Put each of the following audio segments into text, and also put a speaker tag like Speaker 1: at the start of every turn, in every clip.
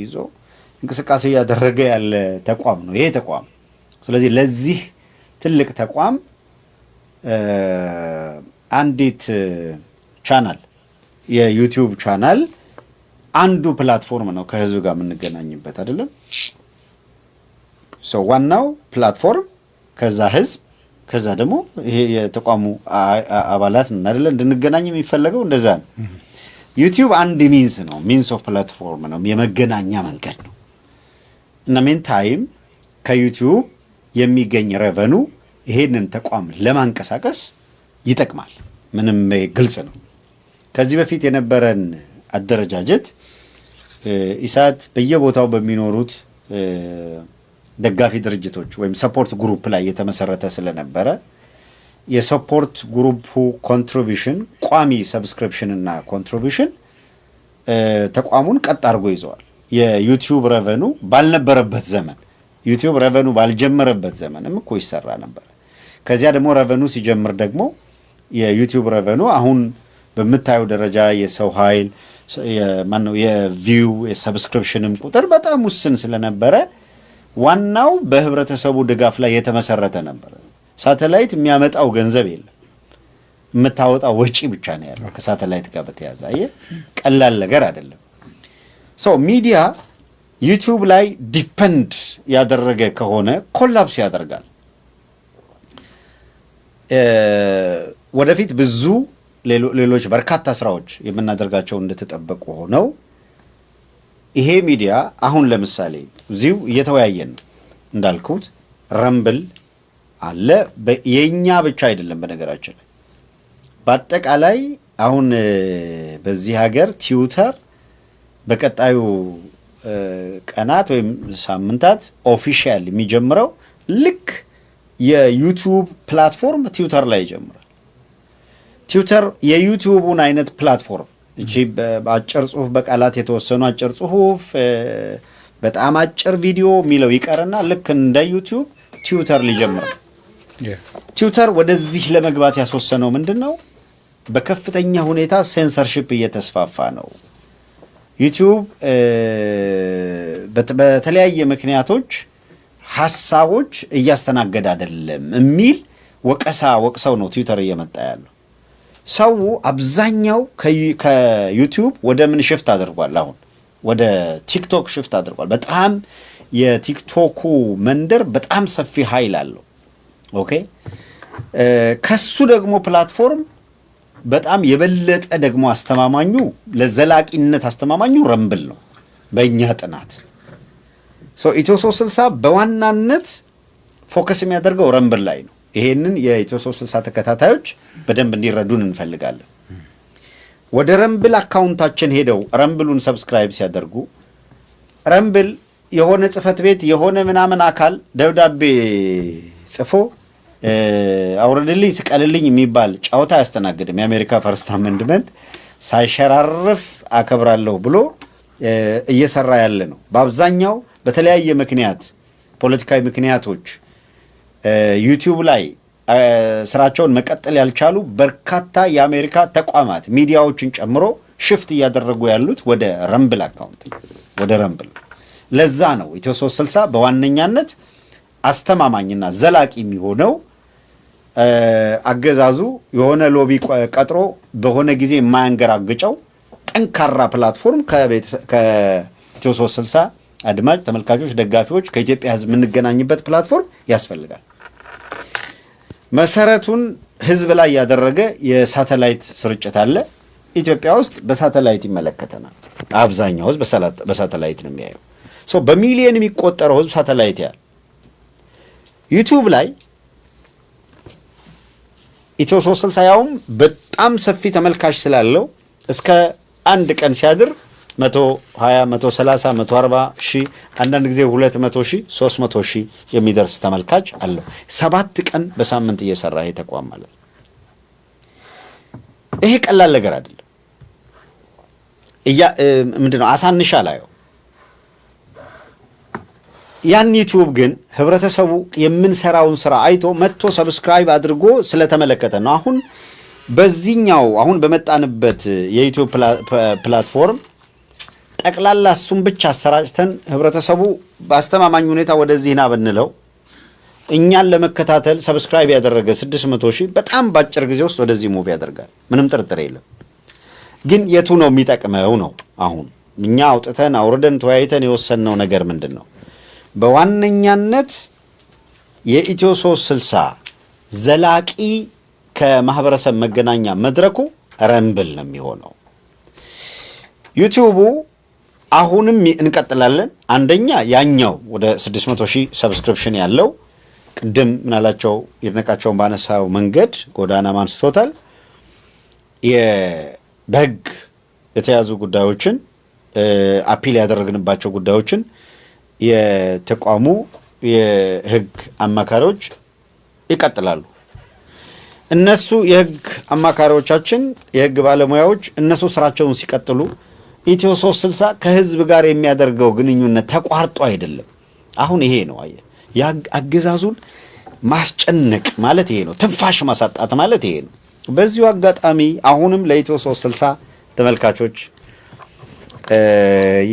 Speaker 1: ይዞ እንቅስቃሴ እያደረገ ያለ ተቋም ነው ይሄ ተቋም። ስለዚህ ለዚህ ትልቅ ተቋም አንዲት ቻናል የዩቲዩብ ቻናል አንዱ ፕላትፎርም ነው ከህዝብ ጋር የምንገናኝበት አይደለም። ሰው ዋናው ፕላትፎርም ከዛ ህዝብ ከዛ ደግሞ ይሄ የተቋሙ አባላት ነን አይደለ? እንድንገናኝ የሚፈለገው እንደዛ ነው። ዩቲዩብ አንድ ሚንስ ነው፣ ሚንስ ኦፍ ፕላትፎርም ነው፣ የመገናኛ መንገድ ነው እና ሜን ታይም ከዩቲዩብ የሚገኝ ረቨኑ ይሄንን ተቋም ለማንቀሳቀስ ይጠቅማል። ምንም ግልጽ ነው። ከዚህ በፊት የነበረን አደረጃጀት ኢሳት በየቦታው በሚኖሩት ደጋፊ ድርጅቶች ወይም ሰፖርት ግሩፕ ላይ የተመሰረተ ስለነበረ የሰፖርት ግሩፑ ኮንትሪቢሽን ቋሚ ሰብስክሪፕሽን እና ኮንትሪቢሽን ተቋሙን ቀጥ አድርጎ ይዘዋል። የዩቲዩብ ረቨኑ ባልነበረበት ዘመን ዩቲዩብ ረቨኑ ባልጀመረበት ዘመንም እኮ ይሰራ ነበር። ከዚያ ደግሞ ረቨኑ ሲጀምር ደግሞ የዩቲዩብ ረቨኑ አሁን በምታየው ደረጃ የሰው ኃይል ማነው የቪው የሰብስክሪፕሽንም ቁጥር በጣም ውስን ስለነበረ ዋናው በህብረተሰቡ ድጋፍ ላይ የተመሰረተ ነበር። ሳተላይት የሚያመጣው ገንዘብ የለም። የምታወጣው ወጪ ብቻ ነው ያለው ከሳተላይት ጋር በተያዘ። አየህ ቀላል ነገር አይደለም። ሶ ሚዲያ ዩቲዩብ ላይ ዲፐንድ ያደረገ ከሆነ ኮላፕስ ያደርጋል። ወደፊት ብዙ ሌሎች በርካታ ስራዎች የምናደርጋቸው እንደተጠበቁ ሆነው ይሄ ሚዲያ አሁን ለምሳሌ እዚሁ እየተወያየን እንዳልኩት ረምብል አለ። የእኛ ብቻ አይደለም። በነገራችን ላይ በአጠቃላይ አሁን በዚህ ሀገር ቲዩተር በቀጣዩ ቀናት ወይም ሳምንታት ኦፊሻል የሚጀምረው ልክ የዩቱብ ፕላትፎርም ቲዩተር ላይ ይጀምራል። ቲዩተር የዩቲዩቡን አይነት ፕላትፎርም እቺ በአጭር ጽሁፍ በቃላት የተወሰኑ አጭር ጽሁፍ በጣም አጭር ቪዲዮ የሚለው ይቀርና ልክ እንደ ዩቲዩብ ቲዩተር ሊጀምራል። ትዊተር ወደዚህ ለመግባት ያስወሰነው ምንድን ነው? በከፍተኛ ሁኔታ ሴንሰርሺፕ እየተስፋፋ ነው። ዩቲዩብ በተለያየ ምክንያቶች ሀሳቦች እያስተናገድ አይደለም የሚል ወቀሳ ወቅሰው ነው ትዊተር እየመጣ ያለው። ሰው አብዛኛው ከዩቲዩብ ወደ ምን ሽፍት አድርጓል? አሁን ወደ ቲክቶክ ሽፍት አድርጓል። በጣም የቲክቶኩ መንደር በጣም ሰፊ ኃይል አለው። ኦኬ ከሱ ደግሞ ፕላትፎርም በጣም የበለጠ ደግሞ አስተማማኙ ለዘላቂነት አስተማማኙ ረምብል ነው። በእኛ ጥናት ኢትዮ 360 በዋናነት ፎከስ የሚያደርገው ረምብል ላይ ነው። ይሄንን የኢትዮ ስልሳ ተከታታዮች በደንብ እንዲረዱን እንፈልጋለን። ወደ ረምብል አካውንታችን ሄደው ረምብሉን ሰብስክራይብ ሲያደርጉ ረምብል የሆነ ጽህፈት ቤት የሆነ ምናምን አካል ደብዳቤ ጽፎ አውረድልኝ ስቀልልኝ የሚባል ጫውታ አያስተናግድም። የአሜሪካ ፈርስት አመንድመንት ሳይሸራርፍ አከብራለሁ ብሎ እየሰራ ያለ ነው። በአብዛኛው በተለያየ ምክንያት ፖለቲካዊ ምክንያቶች ዩቲዩብ ላይ ስራቸውን መቀጠል ያልቻሉ በርካታ የአሜሪካ ተቋማት ሚዲያዎችን ጨምሮ ሽፍት እያደረጉ ያሉት ወደ ረምብል አካውንት ወደ ረምብል። ለዛ ነው ኢትዮ 360 በዋነኛነት አስተማማኝና ዘላቂ የሚሆነው አገዛዙ የሆነ ሎቢ ቀጥሮ በሆነ ጊዜ የማያንገራግጨው ጠንካራ ፕላትፎርም ከኢትዮ ሶስት ስልሳ አድማጭ ተመልካቾች፣ ደጋፊዎች ከኢትዮጵያ ሕዝብ የምንገናኝበት ፕላትፎርም ያስፈልጋል። መሰረቱን ሕዝብ ላይ ያደረገ የሳተላይት ስርጭት አለ። ኢትዮጵያ ውስጥ በሳተላይት ይመለከተናል። አብዛኛው ሕዝብ በሳተላይት ነው የሚያየው። በሚሊየን የሚቆጠረው ሕዝብ ሳተላይት ያል ዩቱብ ላይ ኢትዮ 360 ያውም በጣም ሰፊ ተመልካች ስላለው እስከ አንድ ቀን ሲያድር 120፣ 130፣ 140 ሺህ አንዳንድ ጊዜ 200 ሺ 300 ሺህ የሚደርስ ተመልካች አለው። ሰባት ቀን በሳምንት እየሰራ ይሄ ተቋም ማለት ነው። ይሄ ቀላል ነገር አይደለም። ምንድነው አሳንሻ ላየው ያን ዩቲዩብ ግን ህብረተሰቡ የምንሰራውን ስራ አይቶ መጥቶ ሰብስክራይብ አድርጎ ስለተመለከተ ነው። አሁን በዚህኛው አሁን በመጣንበት የዩቲዩብ ፕላትፎርም ጠቅላላ እሱም ብቻ አሰራጭተን ህብረተሰቡ በአስተማማኝ ሁኔታ ወደዚህ ና ብንለው እኛን ለመከታተል ሰብስክራይብ ያደረገ 600 ሺህ በጣም በአጭር ጊዜ ውስጥ ወደዚህ ሙቪ ያደርጋል። ምንም ጥርጥር የለም። ግን የቱ ነው የሚጠቅመው ነው። አሁን እኛ አውጥተን አውርደን ተወያይተን የወሰንነው ነገር ምንድን ነው? በዋነኛነት የኢትዮ ሶስት ስልሳ ዘላቂ ከማህበረሰብ መገናኛ መድረኩ ረምብል ነው የሚሆነው። ዩቲዩቡ አሁንም እንቀጥላለን። አንደኛ ያኛው ወደ 600 ሺህ ሰብስክሪፕሽን ያለው ቅድም ምናላቸው ይድነቃቸውን ባነሳው መንገድ ጎዳና ማንስቶታል በህግ የተያዙ ጉዳዮችን አፒል ያደረግንባቸው ጉዳዮችን የተቋሙ የህግ አማካሪዎች ይቀጥላሉ። እነሱ የህግ አማካሪዎቻችን የህግ ባለሙያዎች እነሱ ስራቸውን ሲቀጥሉ ኢትዮ ሶስት ስልሳ ከህዝብ ጋር የሚያደርገው ግንኙነት ተቋርጦ አይደለም። አሁን ይሄ ነው አገዛዙን ማስጨነቅ ማለት ይሄ ነው። ትንፋሽ ማሳጣት ማለት ይሄ ነው። በዚሁ አጋጣሚ አሁንም ለኢትዮ ሶስት ስልሳ ተመልካቾች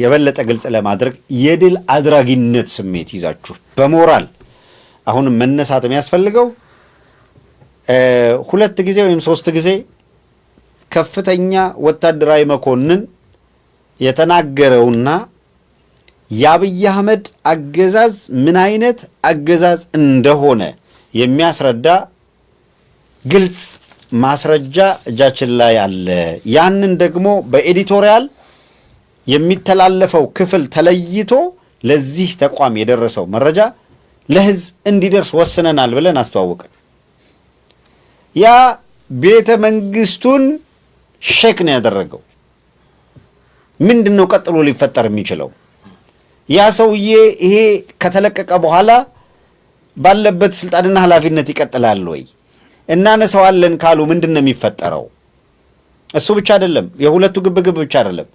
Speaker 1: የበለጠ ግልጽ ለማድረግ የድል አድራጊነት ስሜት ይዛችሁ በሞራል አሁንም መነሳት የሚያስፈልገው ሁለት ጊዜ ወይም ሶስት ጊዜ ከፍተኛ ወታደራዊ መኮንን የተናገረውና የአብይ አህመድ አገዛዝ ምን አይነት አገዛዝ እንደሆነ የሚያስረዳ ግልጽ ማስረጃ እጃችን ላይ አለ። ያንን ደግሞ በኤዲቶሪያል የሚተላለፈው ክፍል ተለይቶ ለዚህ ተቋም የደረሰው መረጃ ለህዝብ እንዲደርስ ወስነናል ብለን አስተዋወቅን። ያ ቤተ መንግስቱን ሼክ ነው ያደረገው። ምንድን ነው ቀጥሎ ሊፈጠር የሚችለው? ያ ሰውዬ ይሄ ከተለቀቀ በኋላ ባለበት ስልጣንና ኃላፊነት ይቀጥላል ወይ? እናነሰዋለን ካሉ ምንድን ነው የሚፈጠረው? እሱ ብቻ አይደለም፣ የሁለቱ ግብግብ ብቻ አይደለም።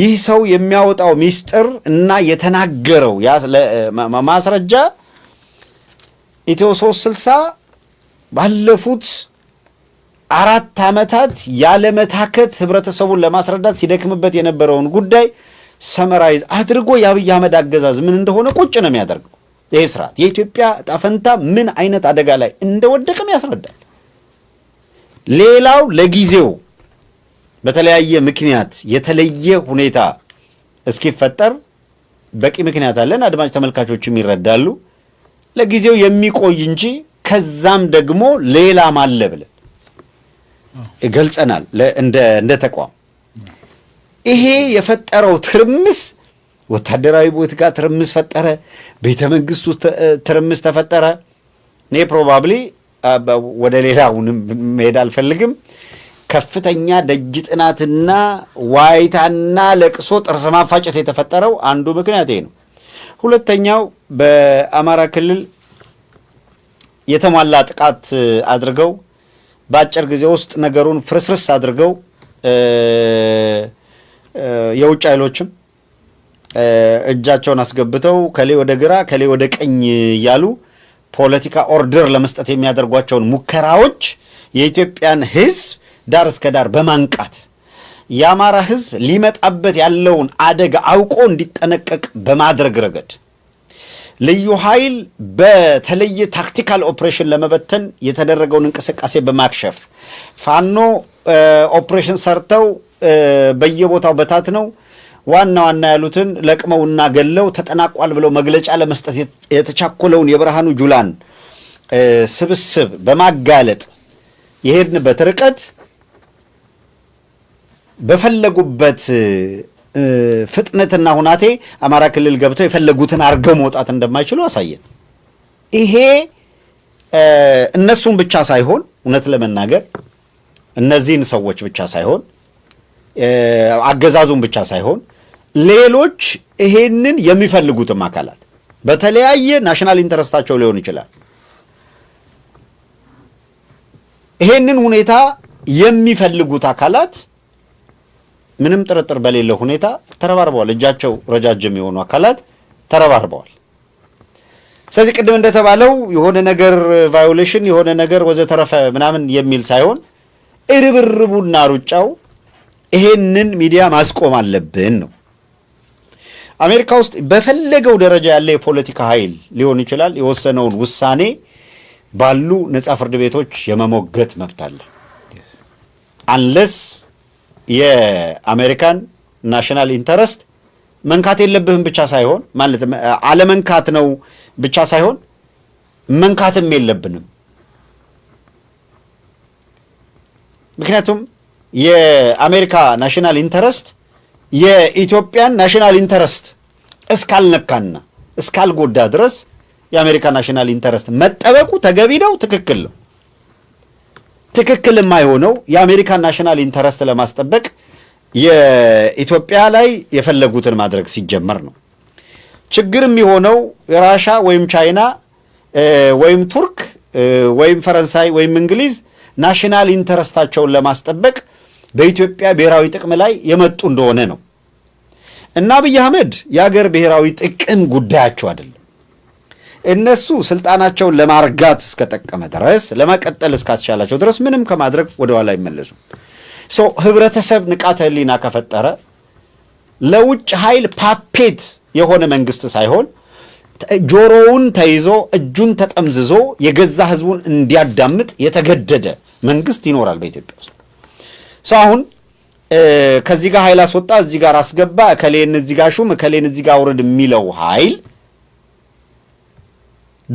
Speaker 1: ይህ ሰው የሚያወጣው ሚስጥር እና የተናገረው ማስረጃ ኢትዮ ስልሳ ባለፉት አራት ዓመታት ያለመታከት ህብረተሰቡን ለማስረዳት ሲደክምበት የነበረውን ጉዳይ ሰመራይዝ አድርጎ የአብይ አህመድ አገዛዝ ምን እንደሆነ ቁጭ ነው የሚያደርገው። ይህ ስርዓት የኢትዮጵያ ጣፈንታ ምን አይነት አደጋ ላይ እንደወደቀም ያስረዳል። ሌላው ለጊዜው በተለያየ ምክንያት የተለየ ሁኔታ እስኪፈጠር በቂ ምክንያት አለን። አድማጭ ተመልካቾችም ይረዳሉ። ለጊዜው የሚቆይ እንጂ ከዛም ደግሞ ሌላም አለ ብለን ገልጸናል። እንደ ተቋም ይሄ የፈጠረው ትርምስ ወታደራዊ ቦት ጋር ትርምስ ፈጠረ፣ ቤተ መንግስቱ ትርምስ ተፈጠረ። እኔ ፕሮባብሊ ወደ ሌላውንም መሄድ አልፈልግም። ከፍተኛ ደጅ ጥናትና ዋይታና ለቅሶ ጥርስ ማፋጨት የተፈጠረው አንዱ ምክንያት ይሄ ነው። ሁለተኛው በአማራ ክልል የተሟላ ጥቃት አድርገው በአጭር ጊዜ ውስጥ ነገሩን ፍርስርስ አድርገው የውጭ ኃይሎችም እጃቸውን አስገብተው ከሌ ወደ ግራ ከሌ ወደ ቀኝ እያሉ ፖለቲካ ኦርደር ለመስጠት የሚያደርጓቸውን ሙከራዎች የኢትዮጵያን ሕዝብ ዳር እስከ ዳር በማንቃት የአማራ ህዝብ ሊመጣበት ያለውን አደጋ አውቆ እንዲጠነቀቅ በማድረግ ረገድ ልዩ ኃይል በተለየ ታክቲካል ኦፕሬሽን ለመበተን የተደረገውን እንቅስቃሴ በማክሸፍ ፋኖ ኦፕሬሽን ሰርተው በየቦታው በታት ነው ዋና ዋና ያሉትን ለቅመውና ገለው ተጠናቋል ብለው መግለጫ ለመስጠት የተቻኮለውን የብርሃኑ ጁላን ስብስብ በማጋለጥ የሄድንበት ርቀት በፈለጉበት ፍጥነትና ሁናቴ አማራ ክልል ገብተው የፈለጉትን አድርገው መውጣት እንደማይችሉ አሳየን። ይሄ እነሱን ብቻ ሳይሆን እውነት ለመናገር እነዚህን ሰዎች ብቻ ሳይሆን አገዛዙን ብቻ ሳይሆን ሌሎች ይሄንን የሚፈልጉትም አካላት በተለያየ ናሽናል ኢንተረስታቸው ሊሆን ይችላል ይሄንን ሁኔታ የሚፈልጉት አካላት ምንም ጥርጥር በሌለው ሁኔታ ተረባርበዋል። እጃቸው ረጃጅም የሆኑ አካላት ተረባርበዋል። ስለዚህ ቅድም እንደተባለው የሆነ ነገር ቫዮሌሽን የሆነ ነገር ወዘተረፈ ምናምን የሚል ሳይሆን እርብርቡና ሩጫው ይሄንን ሚዲያ ማስቆም አለብን ነው። አሜሪካ ውስጥ በፈለገው ደረጃ ያለ የፖለቲካ ኃይል ሊሆን ይችላል የወሰነውን ውሳኔ ባሉ ነጻ ፍርድ ቤቶች የመሞገት መብት አለ አንለስ የአሜሪካን ናሽናል ኢንተረስት መንካት የለብህም ብቻ ሳይሆን ማለት አለመንካት ነው ብቻ ሳይሆን መንካትም የለብንም። ምክንያቱም የአሜሪካ ናሽናል ኢንተረስት የኢትዮጵያን ናሽናል ኢንተረስት እስካልነካና እስካልጎዳ ድረስ የአሜሪካ ናሽናል ኢንተረስት መጠበቁ ተገቢ ነው፣ ትክክል ነው። ትክክል የማይሆነው የአሜሪካን ናሽናል ኢንተረስት ለማስጠበቅ የኢትዮጵያ ላይ የፈለጉትን ማድረግ ሲጀመር ነው። ችግር የሚሆነው ራሻ ወይም ቻይና ወይም ቱርክ ወይም ፈረንሳይ ወይም እንግሊዝ ናሽናል ኢንተረስታቸውን ለማስጠበቅ በኢትዮጵያ ብሔራዊ ጥቅም ላይ የመጡ እንደሆነ ነው እና አብይ አህመድ የአገር ብሔራዊ ጥቅም ጉዳያቸው አይደለም። እነሱ ስልጣናቸውን ለማርጋት እስከጠቀመ ድረስ ለመቀጠል እስካስቻላቸው ድረስ ምንም ከማድረግ ወደኋላ ይመለሱ። ህብረተሰብ ንቃተ ህሊና ከፈጠረ ለውጭ ኃይል ፓፔት የሆነ መንግስት ሳይሆን ጆሮውን ተይዞ እጁን ተጠምዝዞ የገዛ ህዝቡን እንዲያዳምጥ የተገደደ መንግስት ይኖራል በኢትዮጵያ ውስጥ። ሰው አሁን ከዚህ ጋር ኃይል አስወጣ፣ እዚህ ጋር አስገባ፣ እከሌን እዚህ ጋር ሹም፣ እከሌን እዚህ ጋር አውርድ የሚለው ኃይል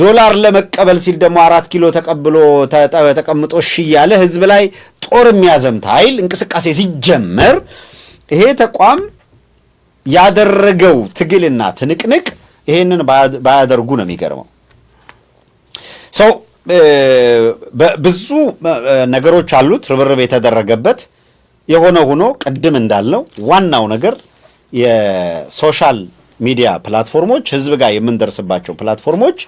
Speaker 1: ዶላር ለመቀበል ሲል ደግሞ አራት ኪሎ ተቀብሎ ተቀምጦ እሺ እያለ ህዝብ ላይ ጦር የሚያዘምት ኃይል እንቅስቃሴ ሲጀመር ይሄ ተቋም ያደረገው ትግልና ትንቅንቅ ይሄንን ባያደርጉ ነው የሚገርመው። ሰው ብዙ ነገሮች አሉት፣ ርብርብ የተደረገበት የሆነ ሆኖ ቅድም እንዳለው ዋናው ነገር የሶሻል ሚዲያ ፕላትፎርሞች፣ ህዝብ ጋር የምንደርስባቸው ፕላትፎርሞች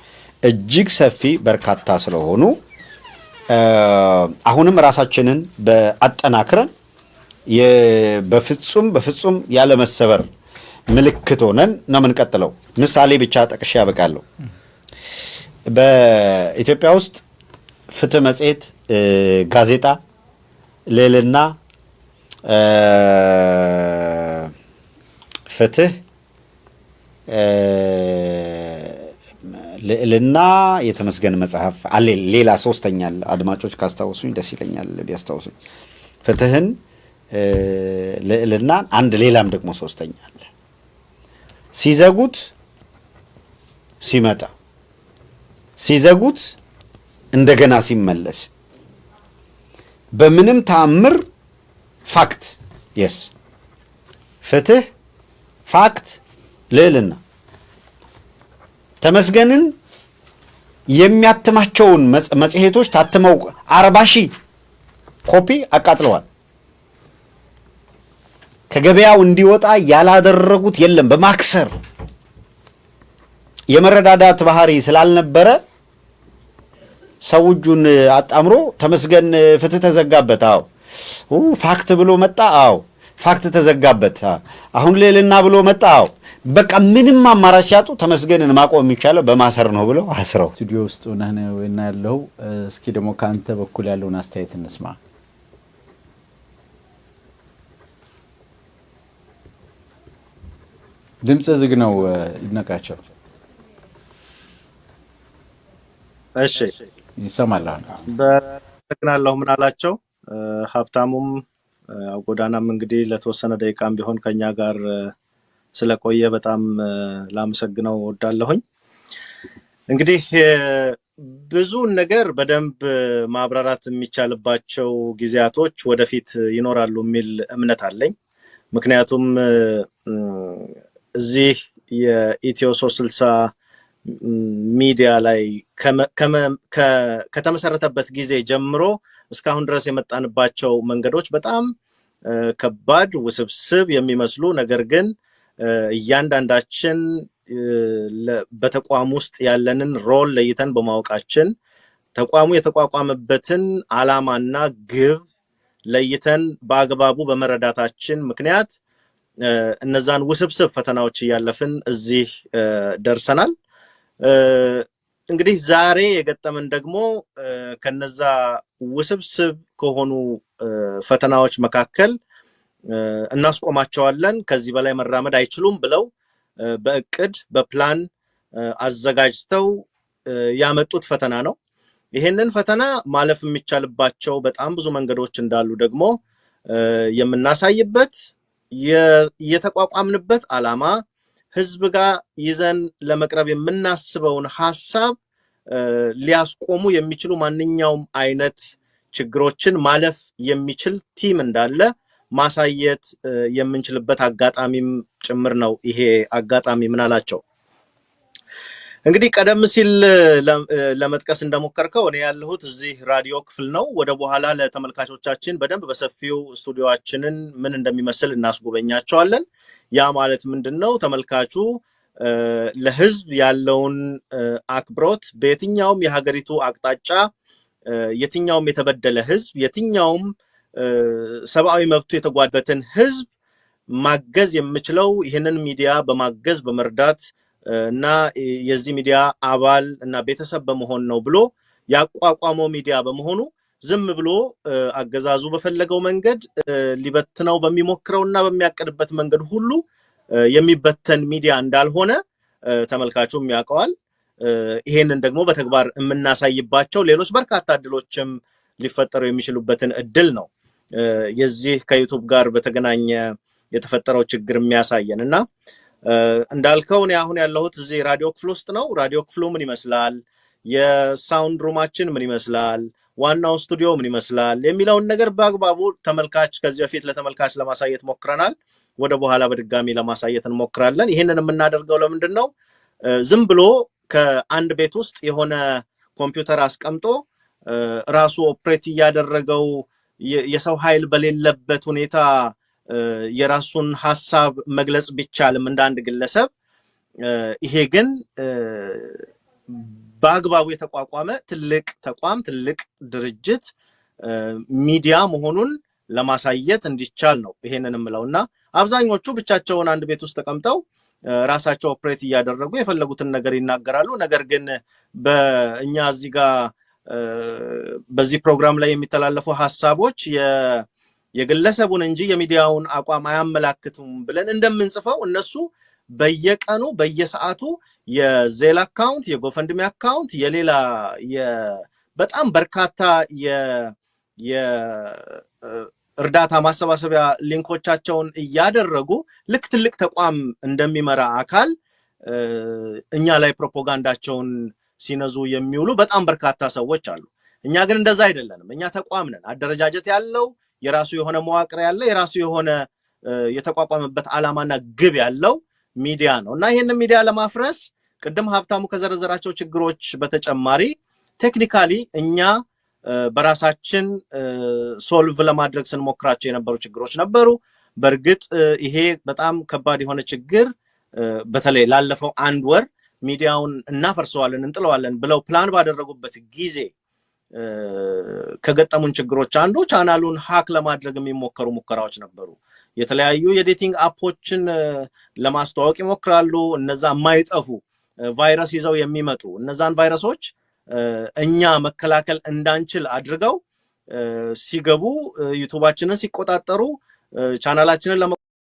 Speaker 1: እጅግ ሰፊ በርካታ ስለሆኑ አሁንም ራሳችንን በአጠናክረን በፍጹም በፍጹም ያለመሰበር ምልክት ሆነን ነው የምንቀጥለው። ምሳሌ ብቻ ጠቅሼ ያበቃለሁ። በኢትዮጵያ ውስጥ ፍትህ መጽሔት፣ ጋዜጣ፣ ልዕልና፣ ፍትህ ልዕልና የተመስገን መጽሐፍ አለ። ሌላ ሶስተኛ አድማጮች ካስታወሱኝ ደስ ይለኛል ቢያስታወሱኝ ፍትህን፣ ልዕልናን አንድ ሌላም ደግሞ ሶስተኛ አለ። ሲዘጉት ሲመጣ፣ ሲዘጉት እንደገና ሲመለስ፣ በምንም ተአምር ፋክት የስ ፍትህ ፋክት ልዕልና ተመስገንን የሚያትማቸውን መጽሔቶች ታትመው አርባ ሺህ ኮፒ አቃጥለዋል። ከገበያው እንዲወጣ ያላደረጉት የለም። በማክሰር የመረዳዳት ባህሪ ስላልነበረ ሰው እጁን አጣምሮ ተመስገን ፍትህ ተዘጋበት። አዎ ፋክት ብሎ መጣ። አዎ ፋክት ተዘጋበት። አሁን ሌልና ብሎ መጣው። በቃ ምንም አማራጭ ሲያጡ ተመስገንን ማቆም የሚቻለው በማሰር ነው ብለው አስረው ስቱዲዮ
Speaker 2: ውስጥ ነህና ያለው። እስኪ ደግሞ ከአንተ በኩል ያለውን አስተያየት እንስማ። ድምፅ ዝግ ነው ይነቃቸው። እሺ ይሰማል።
Speaker 3: አሁን ምን አላቸው ሀብታሙም ጎዳናም እንግዲህ ለተወሰነ ደቂቃም ቢሆን ከኛ ጋር ስለቆየ በጣም ላመሰግነው ወዳለሁኝ። እንግዲህ ብዙውን ነገር በደንብ ማብራራት የሚቻልባቸው ጊዜያቶች ወደፊት ይኖራሉ የሚል እምነት አለኝ። ምክንያቱም እዚህ የኢትዮ ሶስት ስልሳ ሚዲያ ላይ ከተመሰረተበት ጊዜ ጀምሮ እስካሁን ድረስ የመጣንባቸው መንገዶች በጣም ከባድ፣ ውስብስብ የሚመስሉ ነገር ግን እያንዳንዳችን በተቋም ውስጥ ያለንን ሮል ለይተን በማወቃችን ተቋሙ የተቋቋመበትን አላማና ግብ ለይተን በአግባቡ በመረዳታችን ምክንያት እነዛን ውስብስብ ፈተናዎች እያለፍን እዚህ ደርሰናል። እንግዲህ ዛሬ የገጠመን ደግሞ ከነዛ ውስብስብ ከሆኑ ፈተናዎች መካከል እናስቆማቸዋለን፣ ከዚህ በላይ መራመድ አይችሉም ብለው በእቅድ በፕላን አዘጋጅተው ያመጡት ፈተና ነው። ይሄንን ፈተና ማለፍ የሚቻልባቸው በጣም ብዙ መንገዶች እንዳሉ ደግሞ የምናሳይበት የተቋቋምንበት ዓላማ ህዝብ ጋር ይዘን ለመቅረብ የምናስበውን ሀሳብ ሊያስቆሙ የሚችሉ ማንኛውም አይነት ችግሮችን ማለፍ የሚችል ቲም እንዳለ ማሳየት የምንችልበት አጋጣሚም ጭምር ነው። ይሄ አጋጣሚ ምን አላቸው? እንግዲህ ቀደም ሲል ለመጥቀስ እንደሞከርከው እኔ ያለሁት እዚህ ራዲዮ ክፍል ነው። ወደ በኋላ ለተመልካቾቻችን በደንብ በሰፊው ስቱዲዮችንን ምን እንደሚመስል እናስጎበኛቸዋለን። ያ ማለት ምንድን ነው? ተመልካቹ ለህዝብ ያለውን አክብሮት በየትኛውም የሀገሪቱ አቅጣጫ የትኛውም የተበደለ ህዝብ የትኛውም ሰብአዊ መብቱ የተጓደበትን ህዝብ ማገዝ የምችለው ይህንን ሚዲያ በማገዝ በመርዳት እና የዚህ ሚዲያ አባል እና ቤተሰብ በመሆን ነው ብሎ ያቋቋመው ሚዲያ በመሆኑ ዝም ብሎ አገዛዙ በፈለገው መንገድ ሊበትነው በሚሞክረው እና በሚያቅድበት መንገድ ሁሉ የሚበተን ሚዲያ እንዳልሆነ ተመልካቹም ያውቀዋል። ይሄንን ደግሞ በተግባር የምናሳይባቸው ሌሎች በርካታ እድሎችም ሊፈጠሩ የሚችሉበትን እድል ነው የዚህ ከዩቱብ ጋር በተገናኘ የተፈጠረው ችግር የሚያሳየን እና እንዳልከው እኔ አሁን ያለሁት እዚህ ራዲዮ ክፍል ውስጥ ነው። ራዲዮ ክፍሉ ምን ይመስላል? የሳውንድ ሩማችን ምን ይመስላል? ዋናው ስቱዲዮ ምን ይመስላል የሚለውን ነገር በአግባቡ ተመልካች ከዚህ በፊት ለተመልካች ለማሳየት ሞክረናል። ወደ በኋላ በድጋሚ ለማሳየት እንሞክራለን። ይህንን የምናደርገው ለምንድን ነው? ዝም ብሎ ከአንድ ቤት ውስጥ የሆነ ኮምፒውተር አስቀምጦ ራሱ ኦፕሬት እያደረገው የሰው ኃይል በሌለበት ሁኔታ የራሱን ሀሳብ መግለጽ ቢቻልም እንደ አንድ ግለሰብ ይሄ ግን በአግባቡ የተቋቋመ ትልቅ ተቋም ትልቅ ድርጅት ሚዲያ መሆኑን ለማሳየት እንዲቻል ነው ይሄንን የምለው እና አብዛኞቹ ብቻቸውን አንድ ቤት ውስጥ ተቀምጠው ራሳቸው ኦፕሬት እያደረጉ የፈለጉትን ነገር ይናገራሉ። ነገር ግን በእኛ እዚህ ጋር በዚህ ፕሮግራም ላይ የሚተላለፉ ሀሳቦች የግለሰቡን እንጂ የሚዲያውን አቋም አያመላክቱም ብለን እንደምንጽፈው እነሱ በየቀኑ በየሰዓቱ የዜል አካውንት፣ የጎፈንድሜ አካውንት፣ የሌላ በጣም በርካታ እርዳታ ማሰባሰቢያ ሊንኮቻቸውን እያደረጉ ልክ ትልቅ ተቋም እንደሚመራ አካል እኛ ላይ ፕሮፓጋንዳቸውን ሲነዙ የሚውሉ በጣም በርካታ ሰዎች አሉ። እኛ ግን እንደዛ አይደለንም። እኛ ተቋም ነን፣ አደረጃጀት ያለው የራሱ የሆነ መዋቅር ያለ የራሱ የሆነ የተቋቋመበት ዓላማና ግብ ያለው ሚዲያ ነው እና ይህንን ሚዲያ ለማፍረስ ቅድም ሀብታሙ ከዘረዘራቸው ችግሮች በተጨማሪ ቴክኒካሊ እኛ በራሳችን ሶልቭ ለማድረግ ስንሞክራቸው የነበሩ ችግሮች ነበሩ። በእርግጥ ይሄ በጣም ከባድ የሆነ ችግር በተለይ ላለፈው አንድ ወር ሚዲያውን እናፈርሰዋለን፣ እንጥለዋለን ብለው ፕላን ባደረጉበት ጊዜ ከገጠሙን ችግሮች አንዱ ቻናሉን ሀክ ለማድረግ የሚሞከሩ ሙከራዎች ነበሩ። የተለያዩ የዴቲንግ አፖችን ለማስተዋወቅ ይሞክራሉ። እነዛ የማይጠፉ ቫይረስ ይዘው የሚመጡ እነዛን ቫይረሶች እኛ መከላከል እንዳንችል አድርገው ሲገቡ ዩቱባችንን ሲቆጣጠሩ ቻናላችንን ለመ